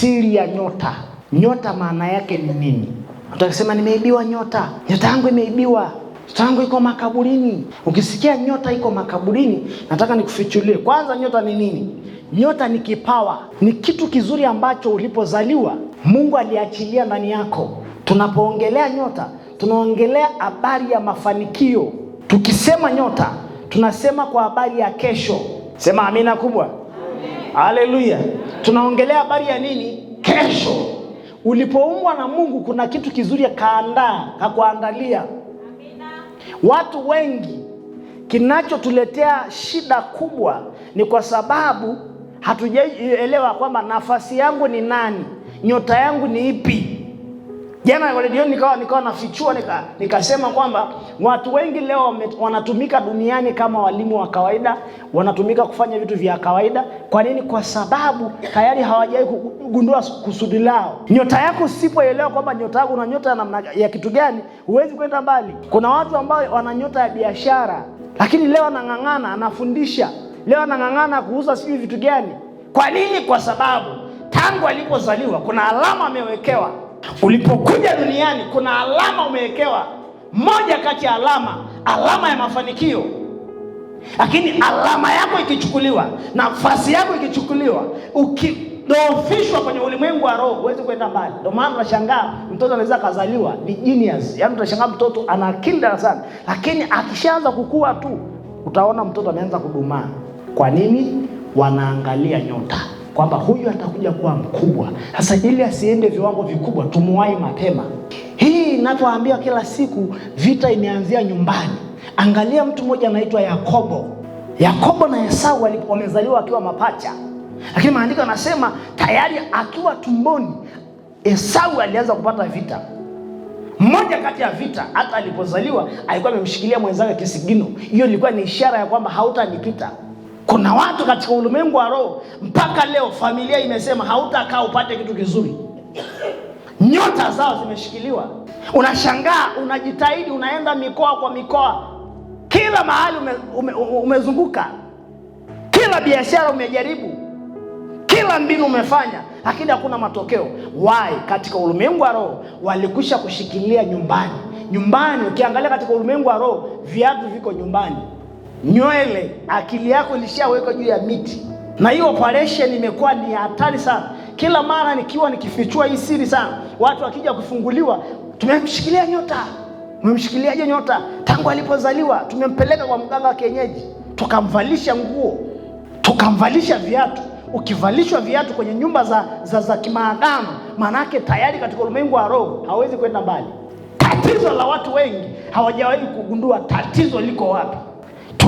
siri ya nyota. Nyota maana yake ni nini? Utasema nimeibiwa nyota, nyota yangu imeibiwa, nyota yangu iko makaburini. Ukisikia nyota iko makaburini, nataka nikufichulie kwanza, nyota ni nini? Nyota ni kipawa, ni kitu kizuri ambacho ulipozaliwa Mungu aliachilia ndani yako. Tunapoongelea nyota, tunaongelea habari ya mafanikio. Tukisema nyota, tunasema kwa habari ya kesho. Sema amina kubwa, amen. Haleluya. Tunaongelea habari ya nini? Kesho. Ulipoumbwa na Mungu kuna kitu kizuri kaandaa, kakuandalia. Watu wengi kinachotuletea shida kubwa ni kwa sababu hatujaelewa kwamba nafasi yangu ni nani, nyota yangu ni ipi. Jana redioni nikawa nikawa nafichua nika, nikasema kwamba watu wengi leo wanatumika duniani kama walimu wa kawaida, wanatumika kufanya vitu vya kawaida. Kwa nini? Kwa sababu tayari hawajawahi kugundua kusudi lao. Nyota yako usipoelewa kwamba nyota yako na nyota ya namna ya kitu gani, huwezi kwenda mbali. Kuna watu ambao wana nyota ya biashara, lakini leo anang'ang'ana, anafundisha, leo anang'ang'ana kuuza sijui vitu gani. Kwa nini? Kwa sababu tangu alipozaliwa kuna alama amewekewa Ulipokuja duniani kuna alama umewekewa, moja kati ya alama, alama ya mafanikio. Lakini alama yako ikichukuliwa, nafasi yako ikichukuliwa, ukidhoofishwa kwenye ulimwengu wa roho, huwezi kwenda mbali. Ndio maana unashangaa mtoto anaweza akazaliwa ni genius, yaani mtoto ana akili darasani, lakini akishaanza kukua tu utaona mtoto ameanza kudumaa. Kwa nini? Wanaangalia nyota kwamba huyu atakuja kuwa mkubwa. Sasa ili asiende viwango vikubwa, tumuwai mapema. Hii ninavyoambia kila siku, vita imeanzia nyumbani. Angalia mtu mmoja anaitwa Yakobo. Yakobo na Esau wamezaliwa akiwa mapacha, lakini maandiko yanasema tayari akiwa tumboni Esau alianza kupata vita. Mmoja kati ya vita, hata alipozaliwa alikuwa amemshikilia mwenzake kisigino. Hiyo ilikuwa ni ishara ya kwamba hautanipita. Kuna watu katika ulimwengu wa roho mpaka leo familia imesema hautakaa upate kitu kizuri, nyota zao zimeshikiliwa. Unashangaa, unajitahidi, unaenda mikoa kwa mikoa, kila mahali ume, ume, umezunguka, kila biashara umejaribu, kila mbinu umefanya, lakini hakuna matokeo. Why? Katika ulimwengu wa roho walikwisha kushikilia nyumbani. Nyumbani ukiangalia katika ulimwengu wa roho, viatu viko nyumbani nywele, akili yako ilishawekwa juu ya miti, na hiyo operation imekuwa ni hatari sana. Kila mara nikiwa nikifichua hii siri sana, watu wakija kufunguliwa, tumemshikilia nyota. Tumemshikiliaje nyota? Tangu alipozaliwa tumempeleka kwa mganga wa kienyeji, tukamvalisha nguo, tukamvalisha viatu. Ukivalishwa viatu kwenye nyumba za, za, za kimaadamu, maanake tayari katika ulimwengu wa roho hawezi kwenda mbali. Tatizo la watu wengi hawajawahi kugundua tatizo liko wapi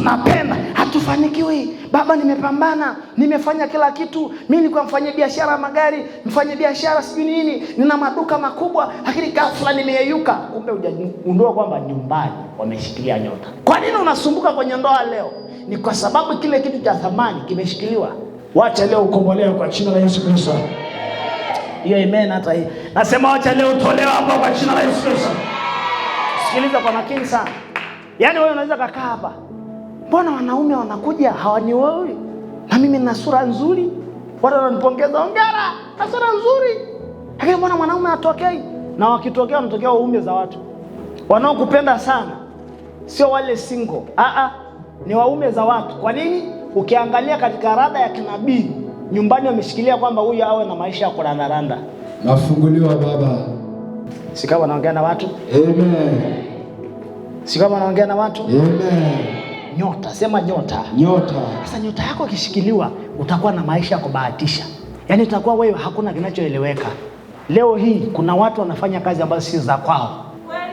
tunapenda hatufanikiwi. Baba, nimepambana, nimefanya kila kitu, mi nilikuwa mfanya biashara magari, mfanya biashara sijui nini, nina maduka makubwa, lakini ghafla nimeyeyuka. Kumbe hujagundua kwamba nyumbani wameshikilia nyota. Kwa nini unasumbuka kwenye ndoa leo? Ni kwa sababu kile kitu cha thamani kimeshikiliwa. Wacha leo ukombolewe kwa jina la Yesu Kristo. Hiyo amen. Hata hii nasema wacha leo utolewe hapo kwa jina la Yesu Kristo. Sikiliza kwa makini sana, yaani wewe unaweza kakaa hapa mbona wanaume wanakuja hawaniwewi na mimi na sura nzuri, watu wananipongeza, hongera na sura nzuri, lakini mbona mwanaume atokei? Na wakitokea wanatokea waume za watu wanaokupenda sana, sio wale single. Aa, ni waume za watu. Kwa nini? Ukiangalia katika rada ya kinabii nyumbani wameshikilia kwamba huyu awe na maisha ya kurandaranda. Nafunguliwa baba, sikawa naongea na watu Amen. Sikawa naongea na watu Amen nyota, sema nyota, nyota. Sasa nyota yako ikishikiliwa, utakuwa na maisha ya kubahatisha, yaani utakuwa wewe, hakuna kinachoeleweka. Leo hii kuna watu wanafanya kazi ambazo si za kwao. Kweli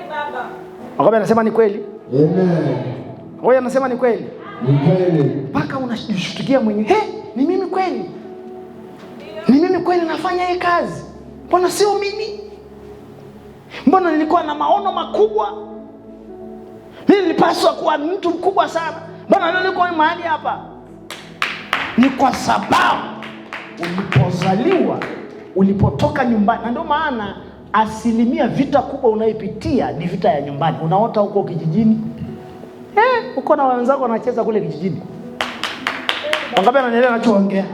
baba, anasema ni kweli, Amen. Anasema ni kweli, ni kweli, mpaka unashtukia mwenyewe, He, ni mimi kweli, ni mimi kweli nafanya hii kazi, mbona sio mimi? Mbona nilikuwa na maono makubwa mimi nilipaswa kuwa mtu mkubwa sana. Bwana leo niko mahali hapa ni kwa sababu ulipozaliwa, ulipotoka nyumbani, na ndio maana asilimia vita kubwa unayopitia ni vita ya nyumbani. Unaota huko kijijini eh, uko na wenzako wanacheza kule kijijini. Wangapi ananielewa nachoongea?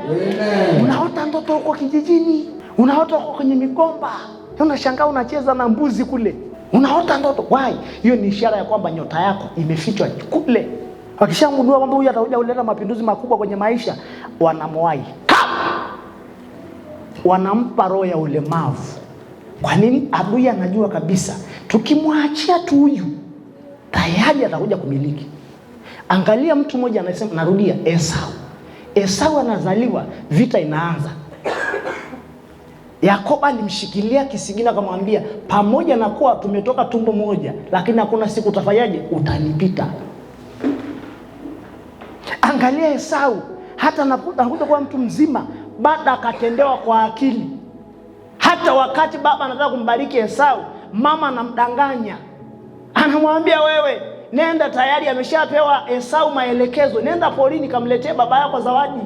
Unaota ndoto huko kijijini, unaota huko kwenye migomba, unashangaa unacheza na mbuzi kule unaota ndoto why? Hiyo ni ishara ya kwamba nyota yako imefichwa kule. Wakishangundua kwamba huyu atakuja kuleta mapinduzi makubwa kwenye maisha, wanamwahi, wanampa roho ya ulemavu. Kwa nini? Adui anajua kabisa tukimwachia tu huyu tayari atakuja kumiliki. Angalia mtu mmoja anasema, narudia, Esau. Esau anazaliwa, vita inaanza Yakoba alimshikilia kisigina, akamwambia, pamoja na kuwa tumetoka tumbo moja, lakini hakuna siku utafanyaje, utanipita. Angalia Esau, hata anakuja kuwa mtu mzima, bado akatendewa kwa akili. Hata wakati baba anataka kumbariki Esau, mama anamdanganya, anamwambia wewe nenda, tayari ameshapewa Esau maelekezo, nenda porini kamletee baba yako zawadi.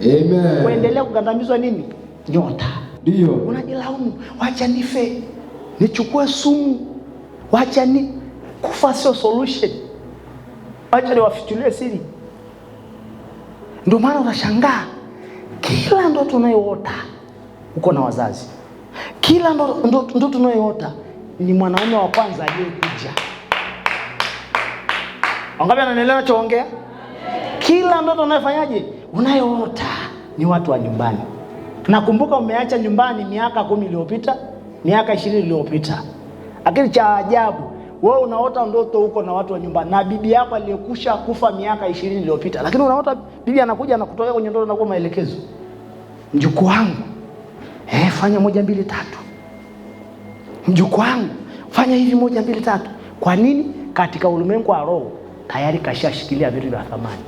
Amen. Kuendelea kugandamizwa nini? nyota, ndio unajilaumu, wacha nife, nichukue sumu, wacha ni kufa, sio solution, wacha niwafichulie siri. Ndio maana unashangaa kila ndoto unayoota uko na wazazi, kila ndoto unayoota ni mwanaume wa kwanza aliyekuja. Wangapi ananielewa nachoongea? Kila ndoto unayofanyaje unayoota ni watu wa nyumbani. Nakumbuka umeacha nyumbani miaka kumi iliyopita, miaka ishirini iliyopita, lakini cha ajabu wewe unaota ndoto huko na watu wa nyumbani na bibi yako aliyekusha kufa miaka ishirini iliyopita, lakini unaota bibi anakuja anakutokea kwenye ndoto na kwa maelekezo, mjukuu wangu eh, fanya moja mbili tatu, mjukuu wangu fanya hivi moja mbili tatu. Kwa nini? Katika ulimwengu wa roho tayari kashashikilia vitu vya thamani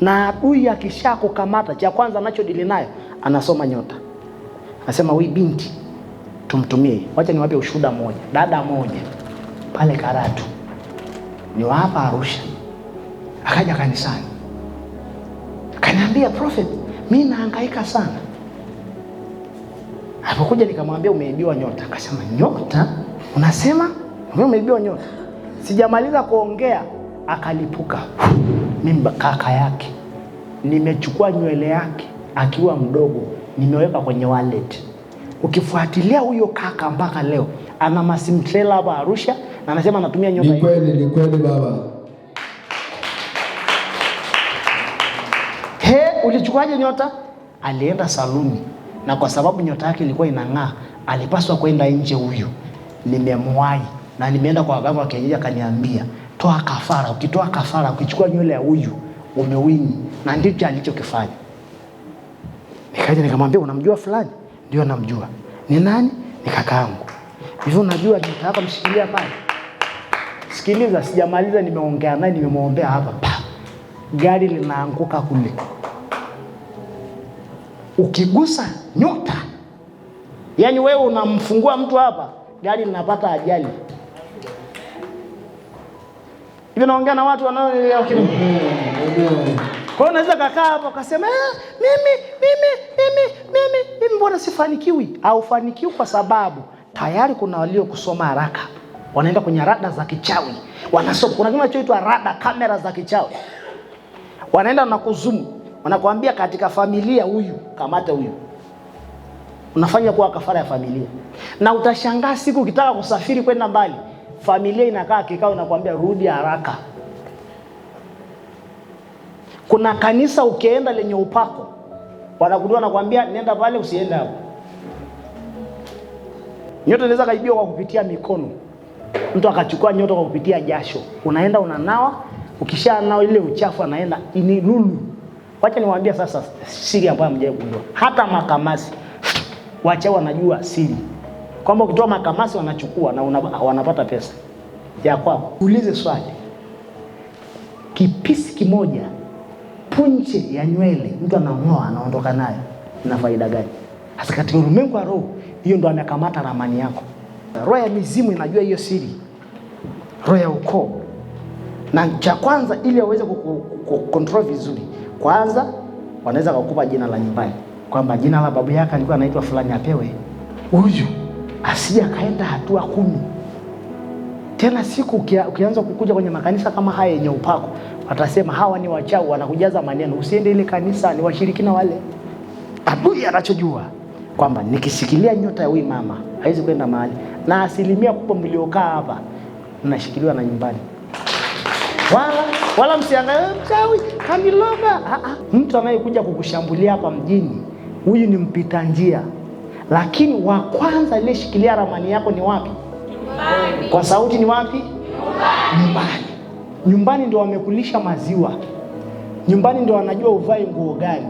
na adui akisha kukamata cha kwanza anachodili nayo anasoma nyota, anasema hui binti tumtumie. Wacha niwape ushuhuda moja Dada moja pale Karatu ni hapa Arusha, akaja kanisani akaniambia, prophet, mi naangaika sana. Alipokuja nikamwambia umeibiwa nyota, akasema nyota? Unasema umeibiwa nyota? Sijamaliza kuongea akalipuka mimba kaka yake, nimechukua nywele yake akiwa mdogo, nimeweka kwenye wallet. Ukifuatilia huyo kaka mpaka leo ana masim trailer hapa Arusha na anasema anatumia nyota. Ni kweli, ni kweli baba. He, ulichukuaje nyota? Alienda saluni na kwa sababu nyota yake ilikuwa inang'aa, alipaswa kwenda nje huyo. Nimemwahi na nimeenda kwa waganga wa kienyeji, akaniambia toa kafara. Ukitoa kafara, ukichukua nywele ya huyu umewini. na ndicho alichokifanya. Nikaja nikamwambia unamjua fulani? Ndio namjua. Ni nani? Ni kakaangu. Hivyo unajua nitaka mshikilia pale. Sikiliza, sijamaliza, nimeongea naye, nimemwombea hapa pa. Gari linaanguka kule, ukigusa nyota, yaani wewe unamfungua mtu hapa, gari linapata ajali hivi naongea na watu wanaonielewa eh, kidogo. Kwa hiyo unaweza kakaa hapo kasema eh, mimi mimi mimi mimi mimi, mbona sifanikiwi? Haufanikiwi kwa sababu tayari kuna waliokusoma haraka, wanaenda kwenye rada za kichawi, wanasoma. Kuna kitu kinachoitwa rada, kamera za kichawi, wanaenda na kuzumu, wanakuambia katika familia huyu kamata huyu, unafanya kuwa kafara ya familia, na utashangaa siku ukitaka kusafiri kwenda mbali familia inakaa kikao, inakwambia rudi haraka. Kuna kanisa ukienda lenye upako, wanakujua nakwambia nenda pale, usiende hapo. Nyota inaweza kaibiwa kwa kupitia mikono, mtu akachukua nyota kwa kupitia jasho. Unaenda unanawa, ukisha nao ile uchafu anaenda ini lulu. Wacha niwaambia sasa siri ambayo mjaegundua, hata makamasi wacha wanajua siri kwamba ukitoa makamasi wanachukua na wanapata pesa ya kwako. Ulize swali, kipisi kimoja, punje ya nywele mtu anang'oa anaondoka nayo, na faida gani? Hasa katika ulimwengu wa roho, hiyo ndo anakamata ramani yako. Roho ya mizimu inajua hiyo siri, roho ya ukoo. Na cha kwanza, ili aweze kukontrol vizuri, kwanza wanaweza kukupa jina la nyumbani, kwamba jina la babu yako alikuwa anaitwa fulani, apewe huyu asije akaenda hatua kumi. Tena siku ukianza kukuja kwenye makanisa kama haya yenye upako, watasema hawa ni wachawi, wanakujaza maneno. Usiende ile kanisa, ni washirikina wale. Adui anachojua kwamba nikishikilia nyota ya huyu mama haiwezi kwenda mahali, na asilimia kubwa mliokaa hapa mnashikiliwa na nyumbani wala wala msiangae eh, mchawi kaniloga. Ah, ah. Mtu anayekuja kukushambulia hapa mjini, huyu ni mpita njia lakini wa kwanza aliyeshikilia ramani yako ni wapi? Nyumbani. Kwa sauti ni wapi? Nyumbani. Nyumbani ndo wamekulisha maziwa, nyumbani ndo wanajua uvae nguo gani,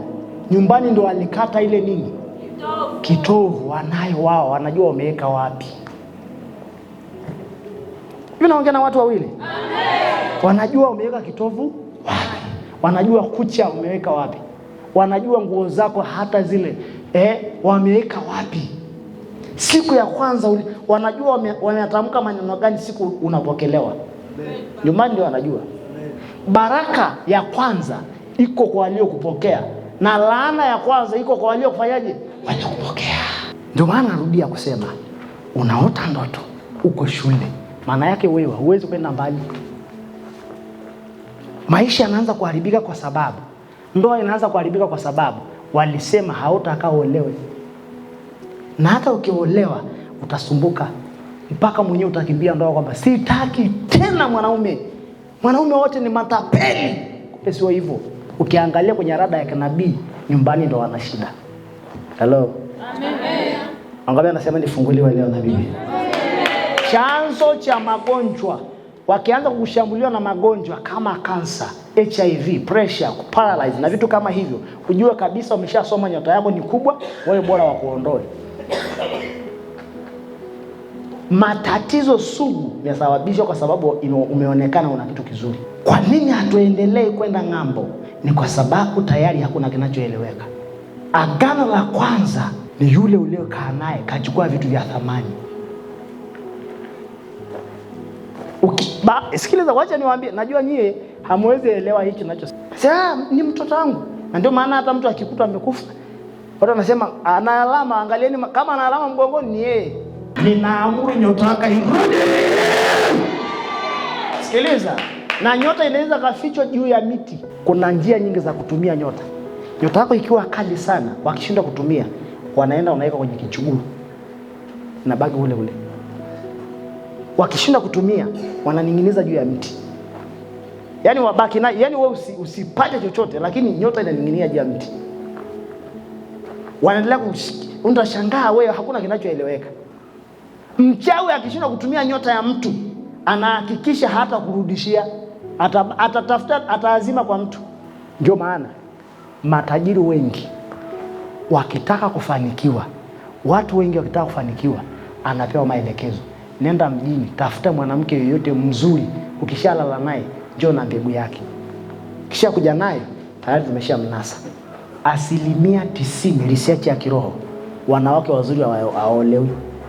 nyumbani ndo walikata ile nini kitovu, kitovu wanayo wao, wanajua wameweka wapi. Hivi naongea na watu wawili, wanajua umeweka kitovu wapi, wanajua kucha umeweka wapi, wanajua nguo zako hata zile eh, wameweka wapi? Siku ya kwanza wanajua wanatamka maneno gani siku unapokelewa nyumbani, ndio wanajua. Baraka ya kwanza iko kwa waliokupokea na laana ya kwanza iko kwa waliokufanyaje? Waliokupokea. Ndio maana narudia kusema unaota ndoto uko shule, maana yake wewe huwezi kwenda mbali. Maisha yanaanza kuharibika kwa sababu, ndoa inaanza kuharibika kwa sababu walisema hautaka uolewe, na hata ukiolewa utasumbuka mpaka mwenyewe utakimbia ndoa, kwamba sitaki tena mwanaume, mwanaume wote ni matapeli. Kumbe sio hivyo. Ukiangalia kwenye rada ya kinabii nyumbani ndo wana shida. Hello, amen. Angalia, anasema nifunguliwe leo na bibi, chanzo cha magonjwa wakianza kushambuliwa na magonjwa kama kansa, HIV, pressure, kuparalyze na vitu kama hivyo, hujue kabisa umeshasoma nyota yako ni kubwa, wewe bora wakuondoe. Matatizo sugu yasababishwa kwa sababu umeonekana una kitu kizuri. Kwa nini hatuendelei kwenda ng'ambo? Ni kwa sababu tayari hakuna kinachoeleweka. Agano la kwanza ni yule uliokaa naye kachukua vitu vya thamani. Sikiliza, wacha niwaambie, najua nyie hamwezi elewa hiki ninachosema. Ah, ni mtoto wangu, na ndio maana hata mtu akikuta amekufa watu wanasema ana alama, angalieni kama ana alama mgongoni ni yeye. Ninaamuru nyota yako irudi. Sikiliza, na nyota inaweza kafichwa juu ya miti. Kuna njia nyingi za kutumia nyota. Nyota yako ikiwa kali sana, wakishindwa kutumia, wanaenda wanaweka kwenye kichuguu, nabaki ule ule wakishinda kutumia wananing'iniza juu ya mti, yaani wabaki na, yaani wewe usi, usipate chochote, lakini nyota inaning'inia juu ya mti. Wanaendelea utashangaa wewe, hakuna kinachoeleweka. Mchawi akishinda kutumia nyota ya mtu anahakikisha hata kurudishia, atatafuta ataazima kwa mtu. Ndio maana matajiri wengi wakitaka kufanikiwa, watu wengi wakitaka kufanikiwa, anapewa maelekezo nenda mjini, tafuta mwanamke yoyote mzuri, ukishalala naye njoo na mbegu yake, kisha kuja naye tayari mnasa Asilimia tisini, research ya kiroho, wanawake wazuri hawaolewi.